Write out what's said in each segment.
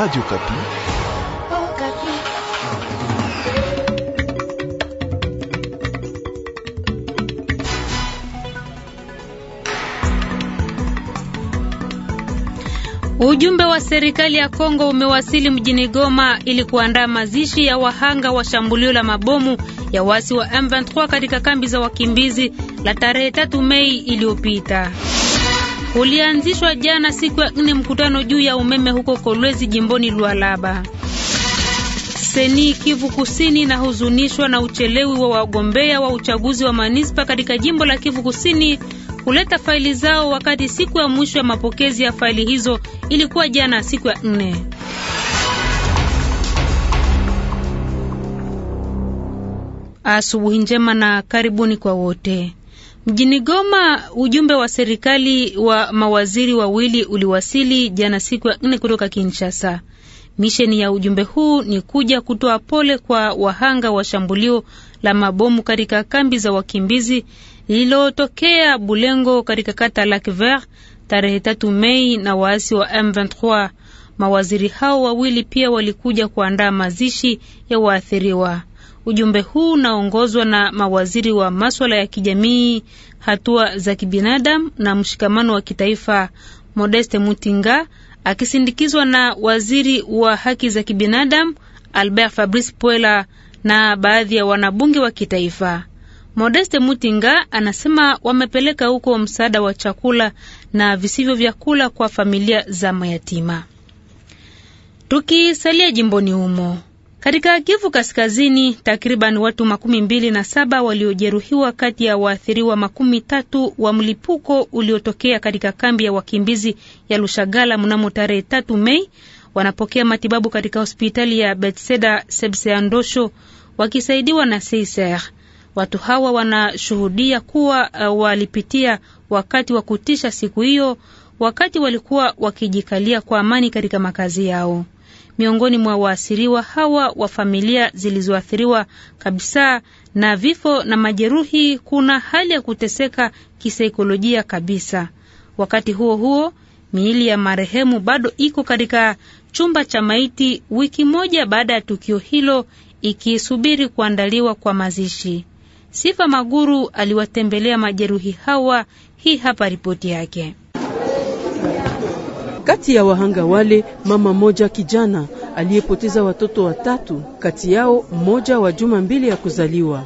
Radio Okapi. Ujumbe wa serikali ya Kongo umewasili mjini Goma ili kuandaa mazishi ya wahanga wa shambulio la mabomu ya waasi wa M23 katika kambi za wakimbizi la tarehe 3 Mei iliyopita. Ulianzishwa jana siku ya nne mkutano juu ya umeme huko Kolwezi jimboni Lualaba. Seni Kivu Kusini inahuzunishwa na uchelewi wa wagombea wa uchaguzi wa manispa katika jimbo la Kivu Kusini kuleta faili zao wakati siku ya mwisho ya mapokezi ya faili hizo ilikuwa jana siku ya nne. Asubuhi njema na karibuni kwa wote. Mjini Goma, ujumbe wa serikali wa mawaziri wawili uliwasili jana siku ya nne kutoka Kinshasa. Misheni ya ujumbe huu ni kuja kutoa pole kwa wahanga wa shambulio la mabomu katika kambi za wakimbizi lililotokea Bulengo katika kata Lac Vert tarehe tatu Mei na waasi wa M23. Mawaziri hao wawili pia walikuja kuandaa mazishi ya waathiriwa. Ujumbe huu unaongozwa na mawaziri wa maswala ya kijamii, hatua za kibinadamu na mshikamano wa kitaifa, Modeste Mutinga akisindikizwa na waziri wa haki za kibinadamu Albert Fabrice Puela na baadhi ya wanabunge wa kitaifa. Modeste Mutinga anasema wamepeleka huko msaada wa chakula na visivyo vyakula kwa familia za mayatima. Tukisalia jimboni humo, katika Kivu Kaskazini, takriban watu makumi mbili na saba waliojeruhiwa kati ya waathiriwa makumi tatu wa mlipuko uliotokea katika kambi ya wakimbizi ya Lushagala mnamo tarehe tatu Mei wanapokea matibabu katika hospitali ya Betseda Sebseandosho wakisaidiwa na Seiser. Watu hawa wanashuhudia kuwa uh, walipitia wakati wa kutisha siku hiyo wakati walikuwa wakijikalia kwa amani katika makazi yao miongoni mwa waasiriwa hawa wa familia zilizoathiriwa kabisa na vifo na majeruhi, kuna hali ya kuteseka kisaikolojia kabisa. Wakati huo huo, miili ya marehemu bado iko katika chumba cha maiti, wiki moja baada ya tukio hilo, ikisubiri kuandaliwa kwa mazishi. Sifa Maguru aliwatembelea majeruhi hawa. Hii hapa ripoti yake. Kati ya wahanga wale mama moja kijana aliyepoteza watoto watatu, kati yao mmoja wa juma mbili ya kuzaliwa.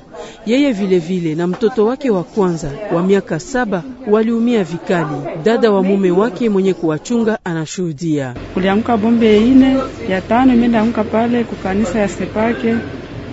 Yeye vilevile vile, na mtoto wake wa kwanza wa miaka saba waliumia vikali. Dada wa mume wake mwenye kuwachunga anashuhudia. Kuliamka bombe ine ya tano, imeenda amka pale kukanisa ya Sepake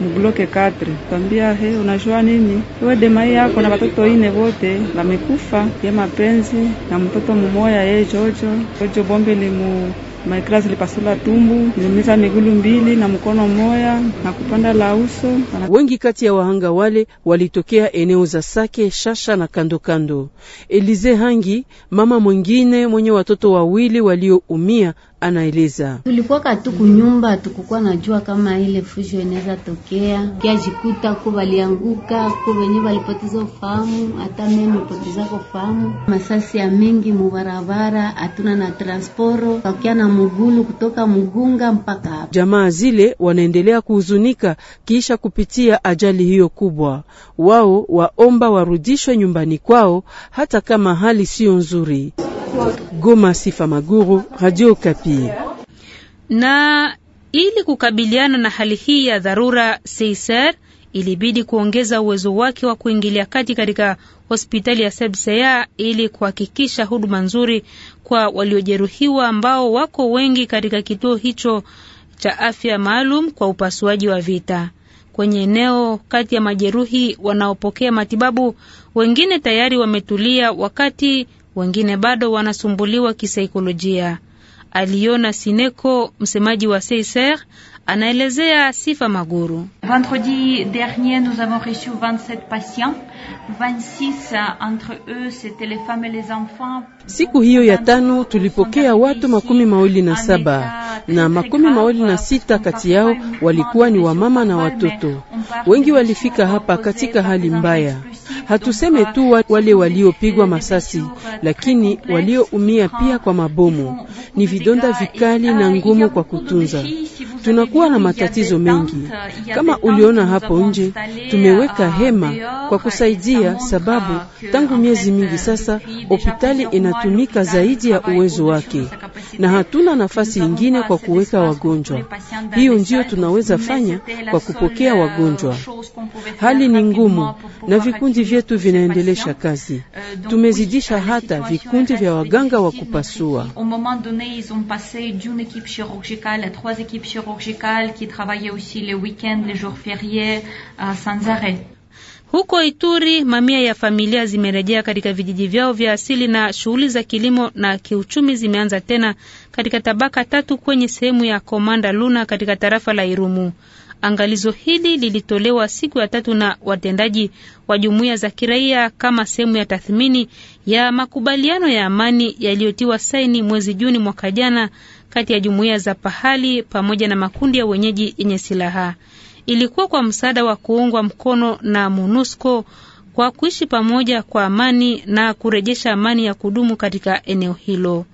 mubloke 4 kambia he, unajua nini wewe demai yako na watoto ine wote wamekufa ye mapenzi na mtoto mumoya ye jojo jojo bombe limu maikrasi lipasula tumbu niumiza migulu mbili na mkono mmoja na kupanda la uso. Wengi kati ya wahanga wale walitokea eneo za Sake, Shasha na kandokando. Elize Hangi, mama mwingine mwenye watoto wawili walioumia anaeleza Tulikuwa katuku nyumba tukukuwa najua kama ile fujo inaweza tokea kiajikuta ko balianguka ko venye balipoteza ufahamu, hata mie mepoteza kufahamu. Masasi ya mingi mubarabara, hatuna na transporo kakia na mugulu kutoka Mugunga mpaka hapa. Jamaa zile wanaendelea kuhuzunika kisha kupitia ajali hiyo kubwa, wao waomba warudishwe nyumbani kwao hata kama hali siyo nzuri. Goma, Sifa Maguru, Radio Kapi. Na ili kukabiliana na hali hii ya dharura, Seiser ilibidi kuongeza uwezo wake wa kuingilia kati katika hospitali ya Sebseya ili kuhakikisha huduma nzuri kwa waliojeruhiwa ambao wako wengi katika kituo hicho cha afya maalum kwa upasuaji wa vita. Kwenye eneo kati ya majeruhi wanaopokea matibabu, wengine tayari wametulia wakati wengine bado wanasumbuliwa kisaikolojia, aliona Sineko, msemaji wa CSR anaelezea Sifa Maguru. Vendredi dernier nous avons reçu 27 patients. 26 entre eux c'était les femmes et les enfants. Siku hiyo ya tano tulipokea watu makumi mawili na saba na makumi mawili na sita kati yao walikuwa ni wamama na watoto. Wengi walifika hapa katika hali mbaya, hatuseme tu wale waliopigwa masasi, lakini walioumia pia kwa mabomu. Ni vidonda vikali na ngumu kwa kutunza tunakuwa na matatizo mengi. Kama uliona hapo nje, tumeweka hema kwa kusaidia, sababu tangu miezi mingi sasa hospitali inatumika zaidi ya uwezo wake na hatuna nafasi ingine kwa kuweka wagonjwa. Hiyo ndiyo tunaweza fanya kwa kupokea wagonjwa. Hali ni ngumu na vikundi vyetu vinaendelesha kazi. Tumezidisha hata vikundi vya waganga wa kupasua chirurgicales qui travaillaient aussi les week-ends, les jours fériés, euh, sans arrêt. Huko Ituri, mamia ya familia zimerejea katika vijiji vyao vya asili na shughuli za kilimo na kiuchumi zimeanza tena katika tabaka tatu kwenye sehemu ya Komanda Luna katika tarafa la Irumu. Angalizo hili lilitolewa siku ya tatu na watendaji wa jumuiya za kiraia kama sehemu ya tathmini ya makubaliano ya amani yaliyotiwa saini mwezi Juni mwaka jana kati ya jumuiya za pahali pamoja na makundi ya wenyeji yenye silaha. Ilikuwa kwa msaada wa kuungwa mkono na MONUSCO kwa kuishi pamoja kwa amani na kurejesha amani ya kudumu katika eneo hilo.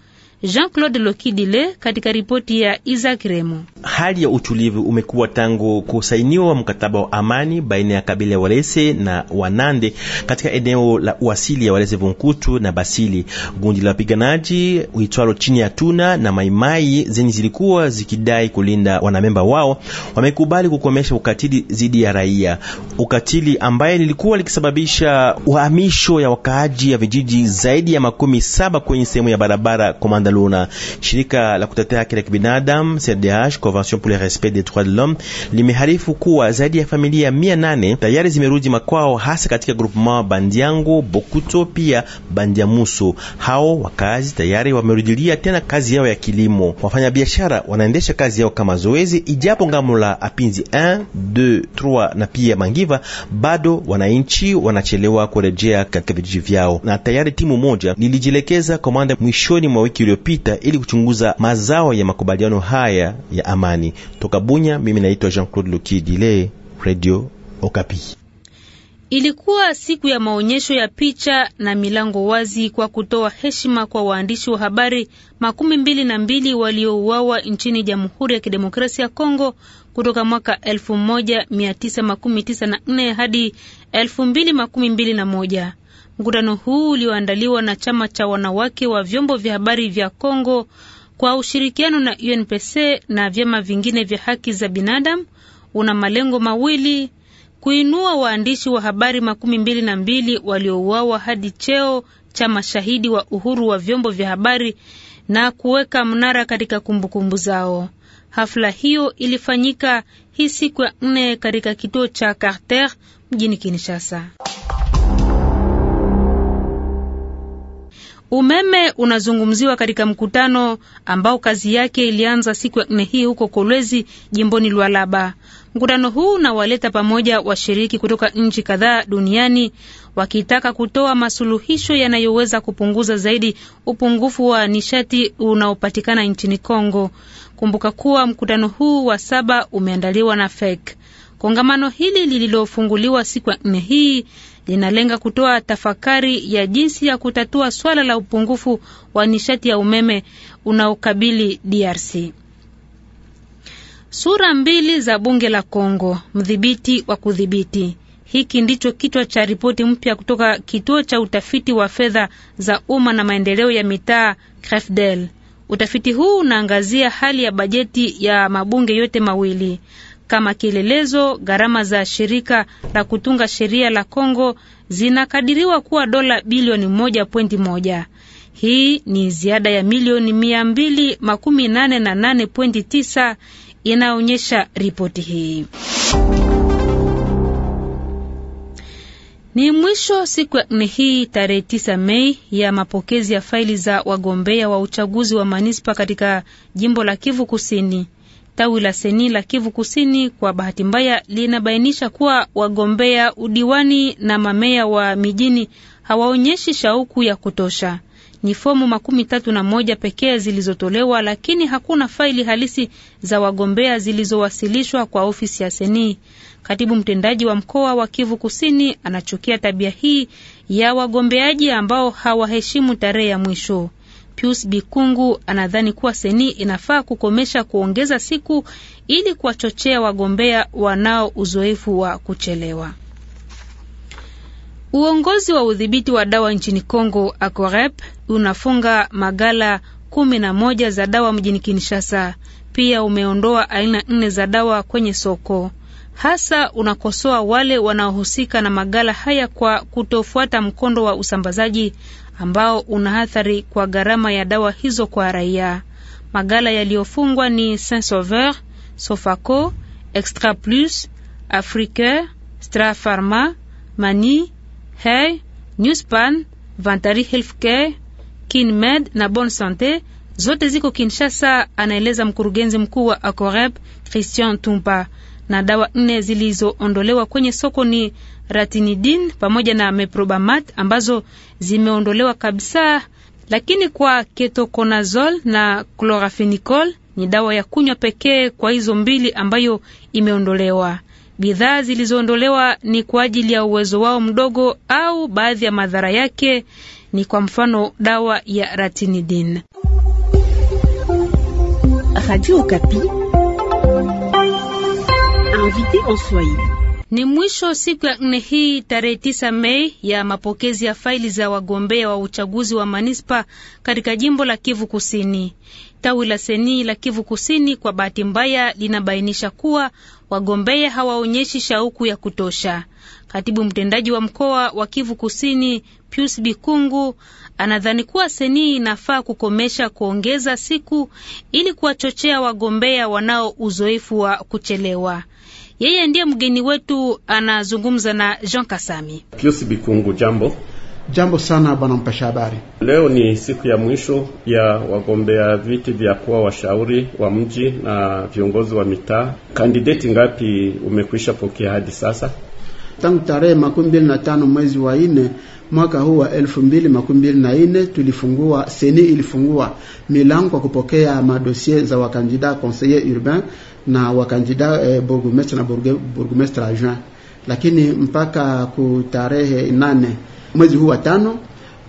Jean-Claude Lokidile katika ripoti ya Isaac Remo. Hali ya utulivu umekuwa tangu kusainiwa mkataba wa amani baina ya kabila ya Walese na Wanande katika eneo la uasili ya Walese Vunkutu na Basili. Gundi la wapiganaji uitwalo chini ya Tuna na Maimai zenye zilikuwa zikidai kulinda wanamemba wao wamekubali kukomesha ukatili dhidi ya raia, ukatili ambaye lilikuwa likisababisha uhamisho ya wakaaji ya vijiji zaidi ya makumi saba kwenye sehemu ya barabara Komanda Luna. Shirika la kutetea haki za kibinadamu CDH, Convention pour le respect des droits de l'homme, limeharifu kuwa zaidi ya familia mia nane tayari zimerudi makwao, hasa katika groupement Bandiango, Bokuto pia Bandiamuso. Hao wakazi tayari wamerudilia tena kazi yao ya kilimo. Wafanyabiashara wanaendesha kazi yao kama zoezi, ijapo ngamu la Apinzi 1 2 3 na pia Mangiva, bado wananchi wanachelewa kurejea katika vijiji vyao, na tayari timu moja lilijilekeza Komanda mwishoni mwa wiki iliyopita iliyopita ili kuchunguza mazao ya makubaliano haya ya amani. Toka Bunya, mimi naitwa Jean-Claude Lokidile, Radio Okapi. Ilikuwa siku ya maonyesho ya picha na milango wazi kwa kutoa heshima kwa waandishi wa habari makumi mbili na mbili waliouawa nchini Jamhuri ya Kidemokrasia ya Kongo kutoka mwaka elfu moja mia tisa tisa makumi na nne hadi elfu mbili mbili makumi na moja. Mkutano huu ulioandaliwa na chama cha wanawake wa vyombo vya habari vya Kongo kwa ushirikiano na UNPC na vyama vingine vya haki za binadamu una malengo mawili: kuinua waandishi wa habari makumi mbili na mbili waliouawa hadi cheo cha mashahidi wa uhuru wa vyombo vya habari na kuweka mnara katika kumbukumbu zao. Hafla hiyo ilifanyika hii siku ya nne katika kituo cha Carter mjini Kinshasa. Umeme unazungumziwa katika mkutano ambao kazi yake ilianza siku ya nne hii huko Kolwezi, jimboni Lualaba. Mkutano huu unawaleta pamoja washiriki kutoka nchi kadhaa duniani wakitaka kutoa masuluhisho yanayoweza kupunguza zaidi upungufu wa nishati unaopatikana nchini Kongo. Kumbuka kuwa mkutano huu wa saba umeandaliwa na FEC. Kongamano hili lililofunguliwa siku ya nne hii linalenga kutoa tafakari ya jinsi ya kutatua swala la upungufu wa nishati ya umeme unaokabili DRC. Sura mbili za bunge la Kongo, mdhibiti wa kudhibiti. Hiki ndicho kichwa cha ripoti mpya kutoka kituo cha utafiti wa fedha za umma na maendeleo ya mitaa CREFDEL. Utafiti huu unaangazia hali ya bajeti ya mabunge yote mawili kama kielelezo, gharama za shirika la kutunga sheria la Kongo zinakadiriwa kuwa dola bilioni moja pointi moja. Hii ni ziada ya milioni mia mbili makumi nane na nane pointi tisa inaonyesha ripoti hii. Ni mwisho siku ya nne hii tarehe 9 Mei ya mapokezi ya faili za wagombea wa uchaguzi wa manispa katika jimbo la Kivu Kusini. Tawi la Seni la Kivu Kusini kwa bahati mbaya linabainisha kuwa wagombea udiwani na mameya wa mijini hawaonyeshi shauku ya kutosha. Ni fomu makumi tatu na moja pekee zilizotolewa, lakini hakuna faili halisi za wagombea zilizowasilishwa kwa ofisi ya Seni. Katibu mtendaji wa mkoa wa Kivu Kusini anachukia tabia hii ya wagombeaji ambao hawaheshimu tarehe ya mwisho. Pius Bikungu anadhani kuwa seni inafaa kukomesha kuongeza siku ili kuwachochea wagombea wanao uzoefu wa kuchelewa. Uongozi wa udhibiti wa dawa nchini congo acorep unafunga magala kumi na moja za dawa mjini Kinshasa. Pia umeondoa aina nne za dawa kwenye soko. Hasa unakosoa wale wanaohusika na magala haya kwa kutofuata mkondo wa usambazaji ambao una athari kwa gharama ya dawa hizo kwa raia. Magala yaliyofungwa ni Saint Sauveur, Sofaco, Extra Plus, Afrique, Stra Pharma, Mani, Hey, Newspan, Vantari Healthcare, Kinmed na Bon Sante zote ziko Kinshasa, anaeleza mkurugenzi mkuu wa Acoreb Christian Tumpa na dawa nne zilizoondolewa kwenye soko ni ratinidin pamoja na meprobamat ambazo zimeondolewa kabisa, lakini kwa ketoconazol na chlorafenicol ni dawa ya kunywa pekee kwa hizo mbili ambayo imeondolewa. Bidhaa zilizoondolewa ni kwa ajili ya uwezo wao mdogo au baadhi ya madhara yake ni kwa mfano dawa ya ratinidin. Radio invité en Swahili. Ni mwisho siku ya nne hii tarehe tisa Mei ya mapokezi ya faili za wagombea wa uchaguzi wa manispa katika jimbo la Kivu Kusini. Tawi la Seni la Kivu Kusini kwa bahati mbaya linabainisha kuwa wagombea hawaonyeshi shauku ya kutosha. Katibu mtendaji wa mkoa wa Kivu Kusini Pius Bikungu anadhani kuwa Seni inafaa kukomesha kuongeza siku ili kuwachochea wagombea wanao uzoefu wa kuchelewa. Yeye ndiye mgeni wetu, anazungumza na Jean Kasami. Pius Bikungu, jambo. Jambo sana bwana mpasha habari. Leo ni siku ya mwisho ya wagombea viti vya kuwa washauri wa mji na viongozi wa mitaa. Kandideti ngapi umekwisha pokea hadi sasa? Tangu tarehe makumi mbili na tano mwezi wa nne mwaka huu wa elfu mbili makumi mbili na nne tulifungua seni ilifungua milango kwa kupokea madosie za wakandida conseiller urbain na wakandida eh, burgomestre na burgomestre adjoint, lakini mpaka kutarehe nane mwezi huu wa tano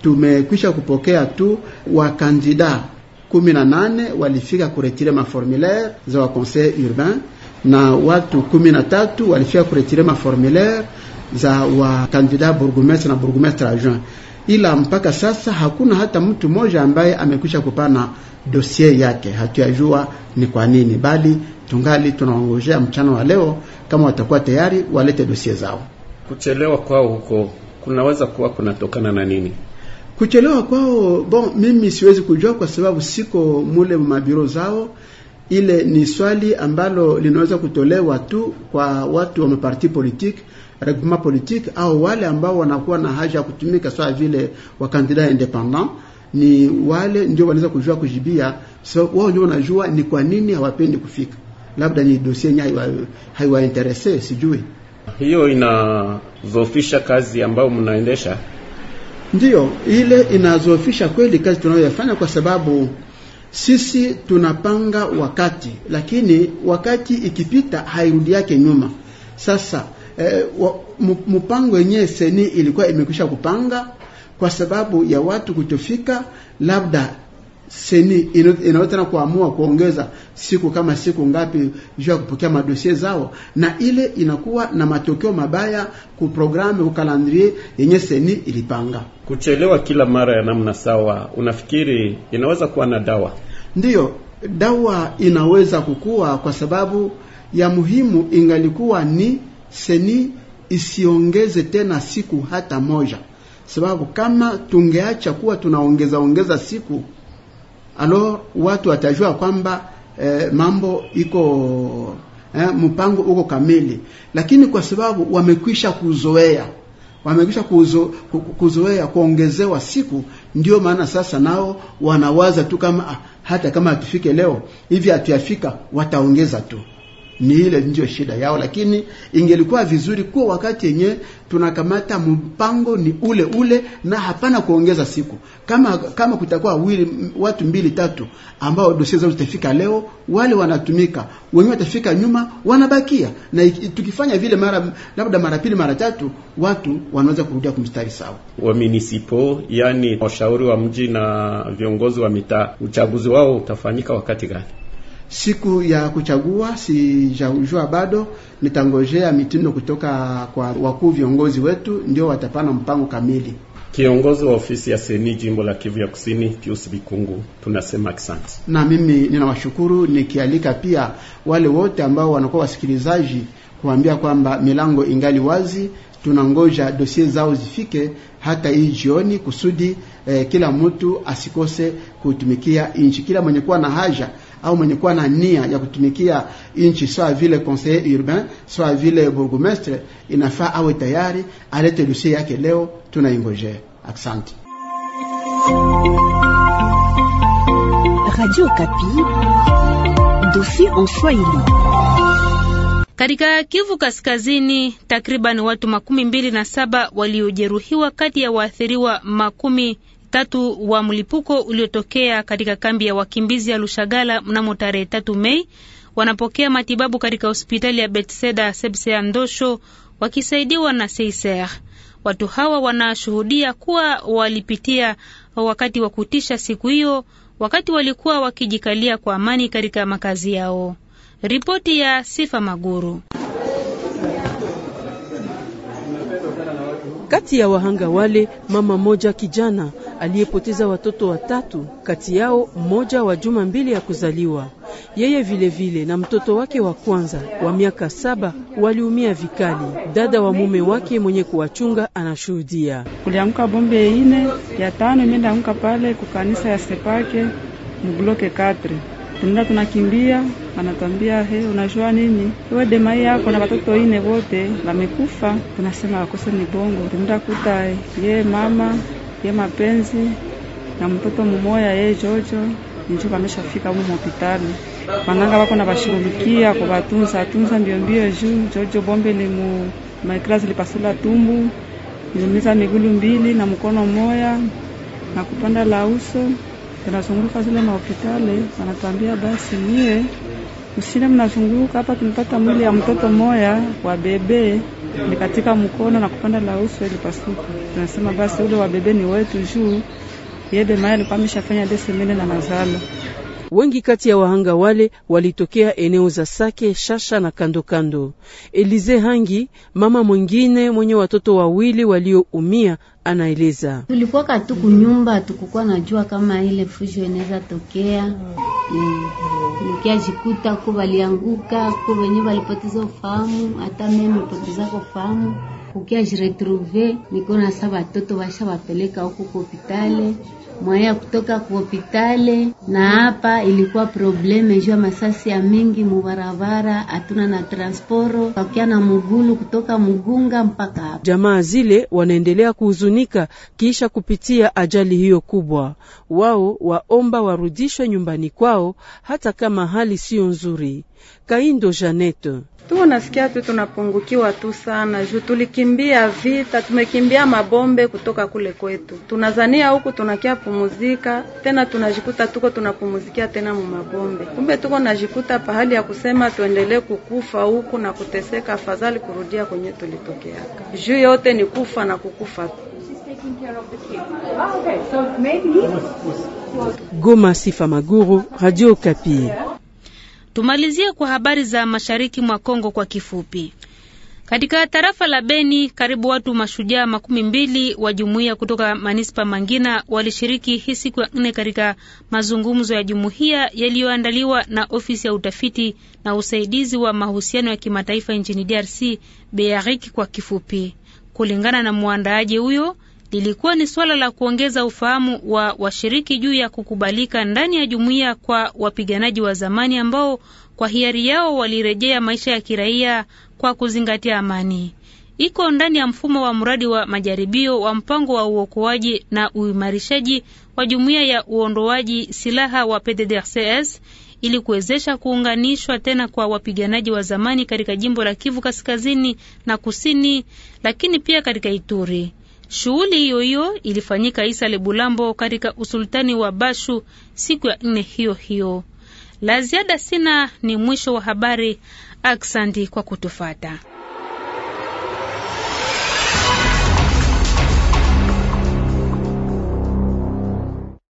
tumekwisha kupokea tu wakandida kumi na nane walifika kuretire maformulaire za wa conseil urbain na watu kumi na tatu walifika kuretire maformulaire za wakandida burgomestre na burgomestre adjoint, ila mpaka sasa hakuna hata mtu mmoja ambaye amekwisha kupana dosie yake, hatuyajua ni kwa nini, bali tungali tunaongojea mchana wa leo kama watakuwa tayari walete dosie zao. Kuchelewa kwao huko kunaweza kuwa kunatokana na nini? Kuchelewa kwao, bon, mimi siwezi kujua kwa sababu siko mule mabiro zao. Ile ni swali ambalo linaweza kutolewa tu kwa watu wa maparti politique regroupement politique, au wale ambao wanakuwa na haja ya kutumika sawa vile wa wakandida independant ni wale ndio wanaweza kujua kujibia, sababu wao ndio wanajua ni kwa nini hawapendi kufika, labda ni dosie yenyewe haiwainterese, sijui hiyo inazofisha kazi ambayo mnaendesha. Ndiyo, ile inazofisha kweli kazi tunayoyafanya, kwa sababu sisi tunapanga wakati, lakini wakati ikipita hairudi yake nyuma. Sasa eh, mpango wenyewe seni ilikuwa imekwisha kupanga kwa sababu ya watu kutofika, labda seni inaweza tena kuamua kuongeza siku kama siku ngapi juu ya kupokea madosie zao, na ile inakuwa na matokeo mabaya ku programu au calendrier yenye seni ilipanga. Kuchelewa kila mara ya namna sawa, unafikiri inaweza kuwa na dawa? Ndiyo, dawa inaweza kukua, kwa sababu ya muhimu ingalikuwa ni seni isiongeze tena siku hata moja sababu kama tungeacha kuwa tunaongeza ongeza siku, alo watu watajua kwamba eh, mambo iko eh, mpango uko kamili, lakini kwa sababu wamekwisha kuzoea wamekisha kuzo, kuzoea kuongezewa siku, ndio maana sasa nao wanawaza tu kama ah, hata kama hatufike leo hivi hatuyafika, wataongeza tu ni ile ndio shida yao, lakini ingelikuwa vizuri kuwa wakati yenye tunakamata mpango ni ule ule na hapana kuongeza siku. Kama kama kutakuwa wili, watu mbili tatu ambao dosia zao zitafika leo, wale wanatumika, wengine watafika nyuma, wanabakia na tukifanya vile mara labda mara pili mara tatu, watu wanaweza kurudia kumstari sawa. Wa munisipo, yani washauri wa mji na viongozi wa mitaa, uchaguzi wao utafanyika wakati gani? Siku ya kuchagua sijajua bado, nitangojea mitindo kutoka kwa wakuu viongozi wetu, ndio watapana mpango kamili. Kiongozi wa ofisi ya seni jimbo la Kivu ya Kusini, Pius Bikungu, tunasema asante. Na mimi ninawashukuru nikialika pia wale wote ambao wanakuwa wasikilizaji kuambia kwamba milango ingali wazi, tunangoja dosie zao zifike hata hii jioni kusudi eh, kila mtu asikose kutumikia nchi, kila mwenye kuwa na haja au mwenye kuwa na nia ya kutumikia nchi, sawa vile conseiller urbain, sawa vile bourgmestre, inafaa awe tayari alete dossier yake leo. tunaingoje. Asante. Radio Kapi, dossier en Swahili. Katika Kivu Kaskazini, takriban watu makumi mbili na saba waliojeruhiwa kati ya waathiriwa makumi tatu wa mlipuko uliotokea katika kambi ya wakimbizi ya Lushagala mnamo tarehe tatu Mei wanapokea matibabu katika hospitali ya Betseda Sebsea Ndosho wakisaidiwa na Seiser. Watu hawa wanashuhudia kuwa walipitia wakati wa kutisha siku hiyo, wakati walikuwa wakijikalia kwa amani katika makazi yao. Ripoti ya Sifa Maguru. Kati ya wahanga wale mama moja kijana aliyepoteza watoto watatu, kati yao mmoja wa juma mbili ya kuzaliwa. Yeye vile vile na mtoto wake wa kwanza wa miaka saba waliumia vikali. Dada wa mume wake mwenye kuwachunga anashuhudia. Kuliamka bombe ine ya tano imeenda anguka pale kukanisa ya Sepake mubloke 4 tunaenda tunakimbia, anatwambia he, unajua nini wewe dema yako na watoto ine wote wamekufa. Tunasema wakose ni bongo, tunaenda kuta ye mama ye mapenzi na mtoto mmoja ye jojo njo wameshafika huko hospitali. Wananga wako na washurumikia kuwatunza tunza mbio mbio, juu jojo bombe limu maikrazi lipasula tumbu, niliumiza migulu mbili na mkono mmoja na kupanda la uso tunazunguka zile mahopitali wanatuambia basi mie msine mnazunguka hapa, tumepata mwili ya mtoto moya wa bebe ni katika mkono na kupanda la uso ilipasuka. Tunasema basi ule wa bebe ni wetu juu yede maya alikuwa ameshafanya desemene na mazala Wengi kati ya wahanga wale walitokea eneo za Sake, Shasha na kandokando. Elize Hangi, mama mwingine mwenye watoto wawili walioumia, anaeleza: tulikuwa katuku nyumba tukukuwa najua kama ile fujo inaweza tokea mm. Eh, Nikiajikuta ku walianguka ku wenye walipoteza ufahamu, hata mimi nipotezako ufahamu, ukiajiretrouve niko na sa watoto washa wapeleka huko ku hopitale mwaya kutoka kuhopitale na hapa ilikuwa probleme juu ya masasi ya mingi mubarabara, hatuna na transporo kakia na mugulu kutoka Mugunga mpaka hapa. Jamaa zile wanaendelea kuhuzunika kisha kupitia ajali hiyo kubwa. Wao waomba warudishwe nyumbani kwao hata kama hali siyo nzuri. Kaindo Janeto Tuko nasikia tu tunapungukiwa tu sana juu tulikimbia vita, tumekimbia mabombe kutoka kule kwetu. Tunazania huku tunakia pumuzika, tena tunajikuta tuko tunapumuzikia tena mu mabombe. Kumbe tuko najikuta pahali ya kusema tuendelee kukufa huku na kuteseka, afadhali kurudia kwenye tulitokeaka. Juu yote ni kufa na kukufa. Goma, Sifa Maguru, Radio kapie Tumalizie kwa habari za mashariki mwa Kongo kwa kifupi. Katika tarafa la Beni, karibu watu mashujaa makumi mbili wa jumuiya kutoka manispa Mangina walishiriki hii siku ya nne katika mazungumzo ya jumuiya yaliyoandaliwa na ofisi ya utafiti na usaidizi wa mahusiano ya kimataifa nchini DRC, BEARIC kwa kifupi, kulingana na mwandaaji huyo lilikuwa ni suala la kuongeza ufahamu wa washiriki juu ya kukubalika ndani ya jumuiya kwa wapiganaji wa zamani ambao kwa hiari yao walirejea maisha ya kiraia kwa kuzingatia amani. Iko ndani ya mfumo wa mradi wa majaribio wa mpango wa uokoaji na uimarishaji wa jumuiya ya uondoaji silaha wa PDDRCS ili kuwezesha kuunganishwa tena kwa wapiganaji wa zamani katika jimbo la Kivu Kaskazini na Kusini, lakini pia katika Ituri. Shughuli hiyo hiyo ilifanyika Isale Bulambo katika usultani wa Bashu siku ya nne hiyo hiyo. La ziada sina, ni mwisho wa habari. Aksandi kwa kutufata.